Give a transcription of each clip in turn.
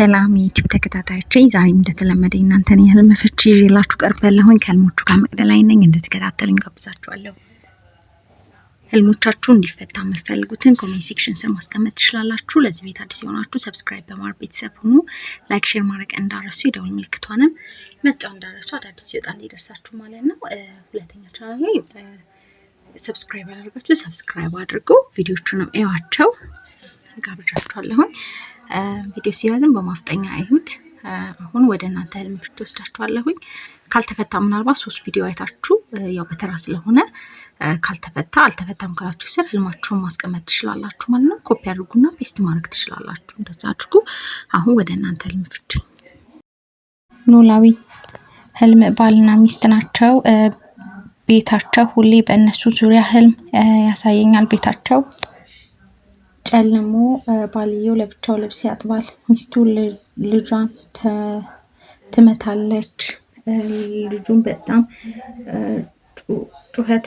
ሰላም ዩቲዩብ ተከታታዮቼ ዛሬም እንደተለመደ እናንተን የህልም ፍቺ ይዤላችሁ ቀርቤያለሁኝ። ከህልሞቹ ጋር መቅደላይ ነኝ። እንድትከታተሉኝ ጋብዛችኋለሁ። ህልሞቻችሁ እንዲፈታ የምትፈልጉትን ኮሜንት ሴክሽን ስር ማስቀመጥ ትችላላችሁ። ለዚህ ቤት አዲስ የሆናችሁ ሰብስክራይብ በማድረግ ቤተሰብ ሁኑ። ላይክ፣ ሼር ማድረግ እንዳረሱ የደውል ምልክቷንም መጫው እንዳረሱ አዳዲስ ሲወጣ እንዲደርሳችሁ ማለት ነው። ሁለተኛ ቻናል ላይ ሰብስክራይብ ያደርጋችሁ ሰብስክራይብ አድርጎ ቪዲዮቹንም እዩዋቸው ጋብዣችኋለሁኝ። ቪዲዮ ሲረዝም በማፍጠኛ እዩት። አሁን ወደ እናንተ ህልም ፍቺ ወስዳችኋለሁኝ። ካልተፈታ ምናልባት ሶስት ቪዲዮ አይታችሁ ያው በተራ ስለሆነ ካልተፈታ አልተፈታም ካላችሁ ስር ህልማችሁን ማስቀመጥ ትችላላችሁ ማለት ነው። ኮፒ አድርጉና ፔስት ማድረግ ትችላላችሁ። እንደዛ አድርጉ። አሁን ወደ እናንተ ህልም ፍቺ። ኖላዊ ህልም ባልና ሚስት ናቸው። ቤታቸው ሁሌ በእነሱ ዙሪያ ህልም ያሳየኛል። ቤታቸው ጨልሞ ባልየው ለብቻው ልብስ ያጥባል። ሚስቱ ልጇን ትመታለች። ልጁን በጣም ጩኸት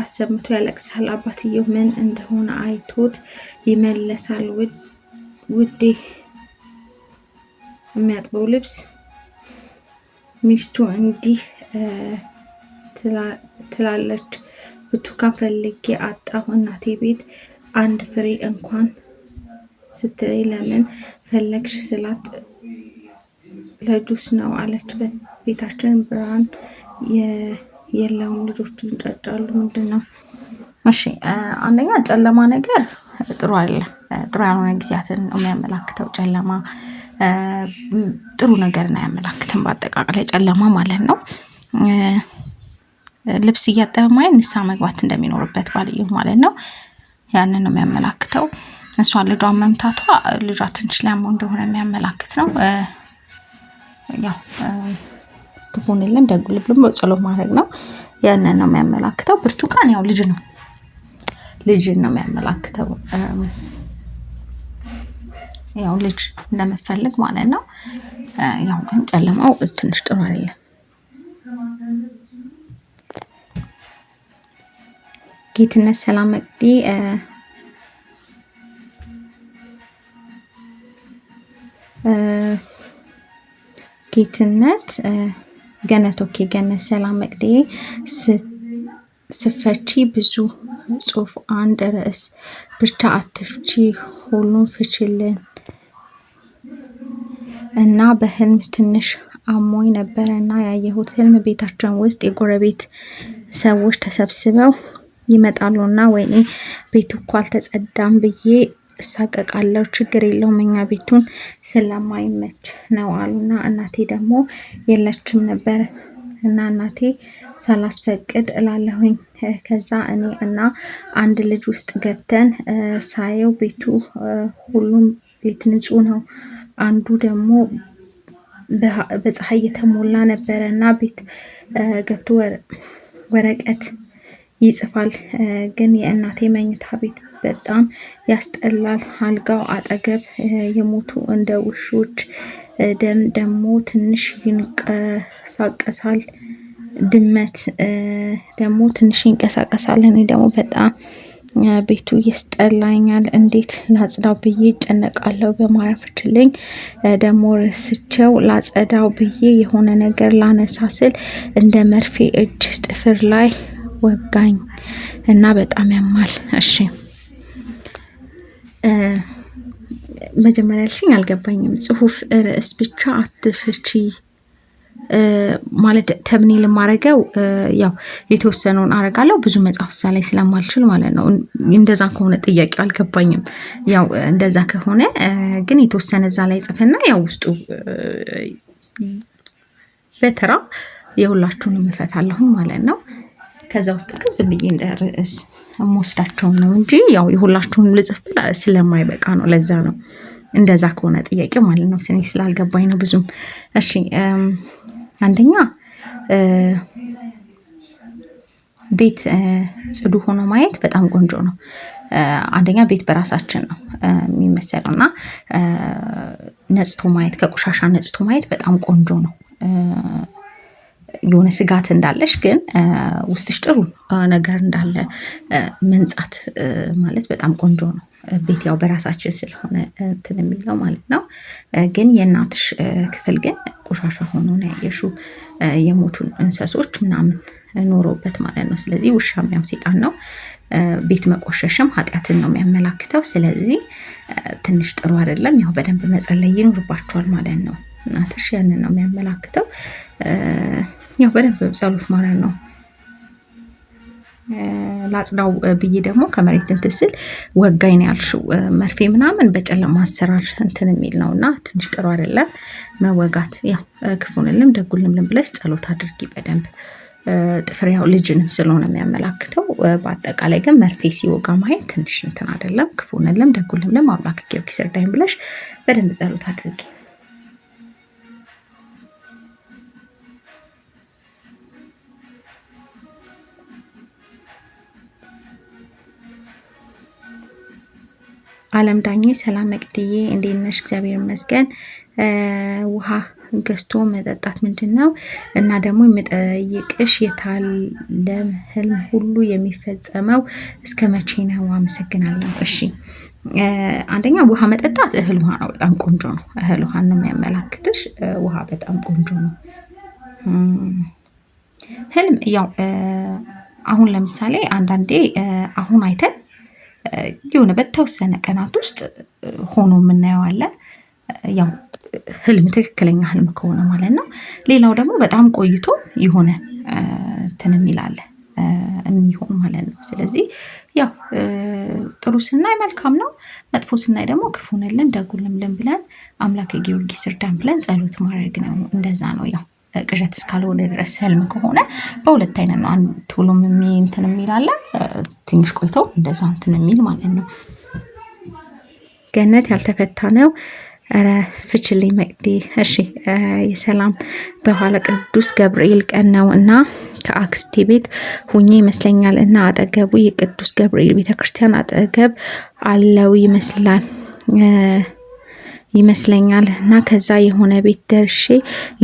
አሰምቶ ያለቅሳል። አባትየው ምን እንደሆነ አይቶት ይመለሳል። ውዴ የሚያጥበው ልብስ ሚስቱ እንዲህ ትላለች። ብርቱካን ፈልጌ አጣሁ እናቴ ቤት አንድ ፍሬ እንኳን ስትለይ ለምን ፈለግሽ ስላት ለጁስ ነው አለች። ቤታችን ብርሃን የለውም ልጆቹ ይንጫጫሉ። ምንድን ነው? እሺ አንደኛ ጨለማ ነገር ጥሩ አለ ጥሩ ያልሆነ ጊዜያትን የሚያመላክተው ጨለማ ጥሩ ነገርን አያመላክትም። በአጠቃላይ ጨለማ ማለት ነው። ልብስ እያጠበ ማየት ንስሐ መግባት እንደሚኖርበት ባልየው ማለት ነው። ያንን ነው የሚያመላክተው። እሷ ልጇን መምታቷ ልጇ ትንሽ ሊያመው እንደሆነ የሚያመላክት ነው። ያው ክፉን የለም ደጉ ልብልም ማድረግ ነው። ያንን ነው የሚያመላክተው። ብርቱካን ያው ልጅ ነው፣ ልጅን ነው የሚያመላክተው። ያው ልጅ እንደምፈልግ ማለት ነው። ያው ግን ጨለማው ትንሽ ጥሩ አይደለም። ጌትነት ሰላም መቅዲ ጌትነት ገነት ኦኬ ገነት ሰላም መቅዲ ስፈቺ ብዙ ጽሁፍ አንድ ርዕስ ብቻ አትፍቺ፣ ሁሉን ፍችልን እና በህልም ትንሽ አሞኝ ነበረ እና ያየሁት ህልም ቤታችን ውስጥ የጎረቤት ሰዎች ተሰብስበው እና ወይኔ ቤቱ እኮ አልተጸዳም ብዬ እሳቀቃለሁ። ችግር የለውም እኛ ቤቱን ስለማይመች ነው አሉና እናቴ ደግሞ የለችም ነበር እና እናቴ ሳላስፈቅድ እላለሁኝ። ከዛ እኔ እና አንድ ልጅ ውስጥ ገብተን ሳየው ቤቱ ሁሉም ቤት ንጹህ ነው። አንዱ ደግሞ በፀሐይ የተሞላ ነበረ እና ቤት ገብቶ ወረቀት ይጽፋል። ግን የእናቴ መኝታ ቤት በጣም ያስጠላል። አልጋው አጠገብ የሞቱ እንደ ውሾች ደም ደግሞ ትንሽ ይንቀሳቀሳል። ድመት ደግሞ ትንሽ ይንቀሳቀሳል። እኔ ደግሞ በጣም ቤቱ ያስጠላኛል። እንዴት ላጽዳው ብዬ እጨነቃለሁ። በማረፍችልኝ ደግሞ ርስቸው ላጸዳው ብዬ የሆነ ነገር ላነሳ ስል እንደ መርፌ እጅ ጥፍር ላይ ወጋኝ እና በጣም ያማል። እሺ መጀመሪያ ያልሽኝ አልገባኝም። ጽሁፍ ርዕስ ብቻ አትፍቺ ማለት ተብኔል የማረገው ያው የተወሰነውን አረጋለው ብዙ መጽሐፍ እዛ ላይ ስለማልችል ማለት ነው። እንደዛ ከሆነ ጥያቄው አልገባኝም። ያው እንደዛ ከሆነ ግን የተወሰነ እዛ ላይ ጽፍና ያው ውስጡ በተራ የሁላችሁንም እፈታለሁ ማለት ነው። ከዛ ውስጥ ግን ዝም ብዬ እንደ ርዕስ የምወስዳቸውን ነው እንጂ ያው የሁላችሁንም ልጽፍ ብል ስለማይበቃ ነው። ለዛ ነው እንደዛ ከሆነ ጥያቄ ማለት ነው ስኔ ስላልገባኝ ነው ብዙም። እሺ አንደኛ ቤት ጽዱ ሆኖ ማየት በጣም ቆንጆ ነው። አንደኛ ቤት በራሳችን ነው የሚመሰለው እና ነጽቶ ማየት ከቆሻሻ ነጽቶ ማየት በጣም ቆንጆ ነው። የሆነ ስጋት እንዳለሽ ግን ውስጥሽ ጥሩ ነገር እንዳለ መንጻት ማለት በጣም ቆንጆ ነው። ቤት ያው በራሳችን ስለሆነ እንትን የሚለው ማለት ነው። ግን የእናትሽ ክፍል ግን ቆሻሻ ሆኖ ነው ያየሽው። የሞቱን እንሰሶች ምናምን ኖሮበት ማለት ነው። ስለዚህ ውሻ ያው ሴጣን ነው። ቤት መቆሸሽም ኃጢአትን ነው የሚያመላክተው። ስለዚህ ትንሽ ጥሩ አይደለም። ያው በደንብ መጸለይ ይኖርባቸዋል ማለት ነው። እናትሽ ያንን ነው የሚያመላክተው። ያው በደንብ ጸሎት ማለት ነው። ላጽዳው ብዬ ደግሞ ከመሬት እንትን ስል ወጋኝ ነው ያልሽው መርፌ ምናምን በጨለማ አሰራር እንትን የሚል ነው እና ትንሽ ጥሩ አይደለም መወጋት። ያው ክፉንልም ደጉልም ብለሽ ጸሎት አድርጊ በደንብ ጥፍር ያው ልጅንም ስለሆነ የሚያመላክተው። በአጠቃላይ ግን መርፌ ሲወጋ ማየት ትንሽ እንትን አይደለም። ክፉንልም ደጉልም አምላክ ጊዮርጊስ እርዳኝ ብለሽ በደንብ ጸሎት አድርጊ። አለም ዳኜ ሰላም መቅድዬ እንዴት ነሽ? እግዚአብሔር ይመስገን። ውሃ ገዝቶ መጠጣት ምንድን ነው? እና ደግሞ የምጠይቅሽ የታለም ህልም ሁሉ የሚፈጸመው እስከ መቼ ነው? አመሰግናለሁ። እሺ አንደኛ ውሃ መጠጣት እህል ውሃ ነው፣ በጣም ቆንጆ ነው። እህል ውሃ ነው የሚያመላክትሽ። ውሃ በጣም ቆንጆ ነው። ህልም ያው አሁን ለምሳሌ አንዳንዴ አሁን አይተን የሆነ በተወሰነ ቀናት ውስጥ ሆኖ የምናየዋለን። ያው ህልም ትክክለኛ ህልም ከሆነ ማለት ነው። ሌላው ደግሞ በጣም ቆይቶ የሆነ እንትን የሚላለ የሚሆን ማለት ነው። ስለዚህ ያው ጥሩ ስናይ መልካም ነው፣ መጥፎ ስናይ ደግሞ ክፉንልን ደጉልምልን ብለን አምላክ ጊዮርጊስ እርዳን ብለን ጸሎት ማድረግ ነው። እንደዛ ነው ያው ቅዠት እስካልሆነ ድረስ ህልም ከሆነ በሁለት አይነት ነው። አንድ ቶሎም እንትን የሚል አለ፣ ትንሽ ቆይቶ እንደዛ እንትን የሚል ማለት ነው። ገነት ያልተፈታ ነው። ረ ፍችልኝ መቅዲ። እሺ የሰላም በኋላ ቅዱስ ገብርኤል ቀን ነው እና ከአክስቴ ቤት ሁኜ ይመስለኛል እና አጠገቡ የቅዱስ ገብርኤል ቤተክርስቲያን አጠገብ አለው ይመስላል። ይመስለኛል እና ከዛ የሆነ ቤት ደርሼ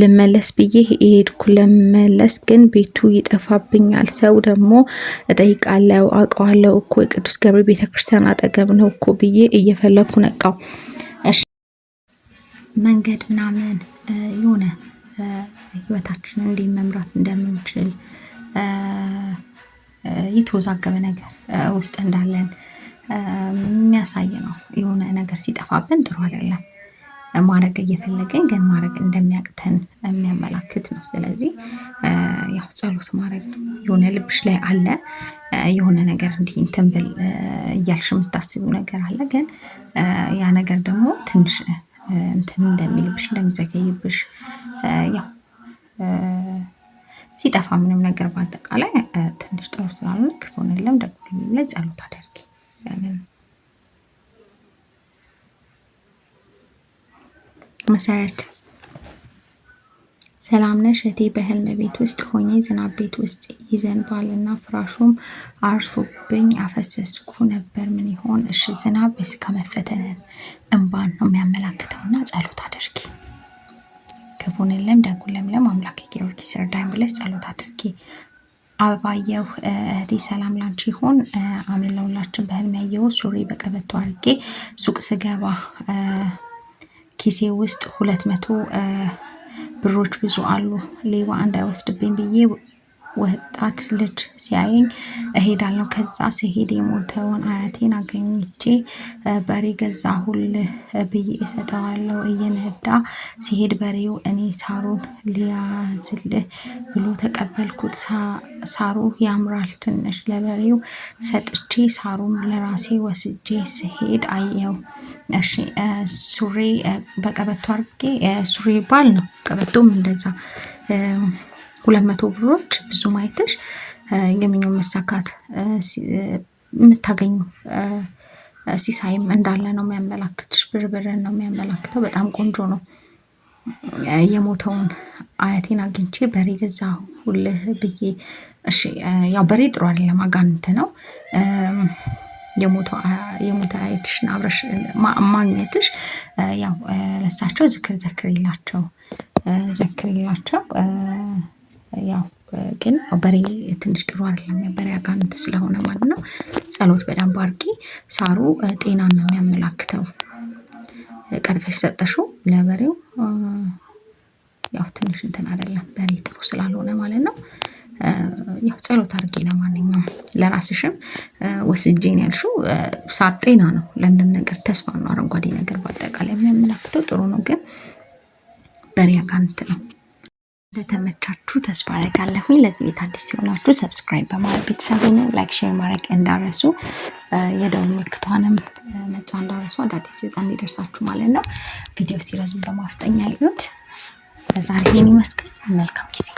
ልመለስ ብዬ ሄድኩ ልመለስ ግን ቤቱ ይጠፋብኛል። ሰው ደግሞ እጠይቃለው፣ አውቀዋለው እኮ የቅዱስ ገብርኤል ቤተክርስቲያን አጠገብ ነው እኮ ብዬ እየፈለኩ ነቃው። መንገድ ምናምን የሆነ ህይወታችንን እንዴት መምራት እንደምንችል የተወዛገበ ነገር ውስጥ እንዳለን የሚያሳይ ነው። የሆነ ነገር ሲጠፋብን ጥሩ አይደለም። ማድረግ እየፈለግን ግን ማድረግ እንደሚያቅተን የሚያመላክት ነው። ስለዚህ ያው ጸሎት ማድረግ የሆነ ልብሽ ላይ አለ የሆነ ነገር እንዲህ እንትን ብል እያልሽ የምታስቢው ነገር አለ። ግን ያ ነገር ደግሞ ትንሽ እንትን እንደሚልብሽ እንደሚዘገይብሽ ያው ሲጠፋ ምንም ነገር በአጠቃላይ ትንሽ ጥሩ ስላልሆነ ክፉን የለም ደግሞ ላይ ጸሎት አድርጊ ያንን ነው። መሰረት ሰላም ነሽ እቴ በህልም ቤት ውስጥ ሆኜ ዝናብ ቤት ውስጥ ይዘንባልና ፍራሹም አርሶብኝ አፈሰስኩ ነበር። ምን ይሆን? እሺ ዝናብ እስከ መፈተንን እንባን ነው የሚያመላክተው የሚያመላክተውና ጸሎት አድርጊ። ክፉን የለም ደጉን ለምለም አምላክ ጊዮርጊስ እርዳኝ ብለሽ ጸሎት አድርጊ። አበባየሁ እህቴ ሰላም ላንቺ ይሁን። አሜን። ለሁላችን በህልም ያየሁት ሱሪ በቀበቶ አድርጌ ሱቅ ስገባ ኪሴ ውስጥ ሁለት መቶ ብሮች ብዙ አሉ ሌባ እንዳይወስድብኝ ብዬ ወጣት ልጅ ሲያየኝ እሄዳለሁ። ከዛ ስሄድ የሞተውን አያቴን አገኝቼ በሬ ገዛ ሁል ብዬ እሰጠዋለሁ። እየነዳ ሲሄድ በሬው እኔ ሳሩን ሊያዝልህ ብሎ ተቀበልኩት። ሳሩ ያምራል። ትንሽ ለበሬው ሰጥቼ ሳሩን ለራሴ ወስጄ ስሄድ አየው። እሺ ሱሪ በቀበቶ አርጌ ሱሪ ይባል ነው። ቀበቶም እንደዛ ሁለት መቶ ብሮች ብዙ አይተሽ የምኞት መሳካት የምታገኙ ሲሳይም እንዳለ ነው የሚያመላክትሽ። ብርብርን ነው የሚያመላክተው። በጣም ቆንጆ ነው። የሞተውን አያቴን አግኝቼ በሬ ገዛ ሁልህ ብዬ እሺ። ያው በሬ ጥሩ አይደለም፣ አጋንንት ነው። የሞተ አያትሽን አብረሽ ማግኘትሽ ያው ለሳቸው ዝክር ዘክር ይላቸው ዘክር ይላቸው ያው ግን በሬ ትንሽ ጥሩ አይደለም የበሬ አጋንንት ስለሆነ ማለት ነው። ጸሎት በደንብ አድርጊ። ሳሩ ጤና ነው የሚያመላክተው። ቀጥፈሽ ሰጠሽው ለበሬው ያው ትንሽ እንትን አይደለም በሬ ጥሩ ስላልሆነ ማለት ነው። ያው ጸሎት አድርጊ። ለማንኛውም ለራስሽም ወስጄን ያልሽው ሳር ጤና ነው፣ ለምንም ነገር ተስፋ ነው። አረንጓዴ ነገር በአጠቃላይ የሚያመላክተው ጥሩ ነው፣ ግን በሬ አጋንንት ነው። እንደተመቻችሁ ተስፋ አደርጋለሁ። ለዚህ ቤት አዲስ ሲሆናችሁ ሰብስክራይብ በማድረግ ቤተሰብ ነው። ላይክ፣ ሼር ማድረግ እንዳረሱ የደውል ምልክቷንም መጫ እንዳረሱ አዳዲስ ሲወጣ እንዲደርሳችሁ ማለት ነው። ቪዲዮ ሲረዝም በማፍጠኛ ይዩት። ለዛሬ ይህን ይመስገን። መልካም ጊዜ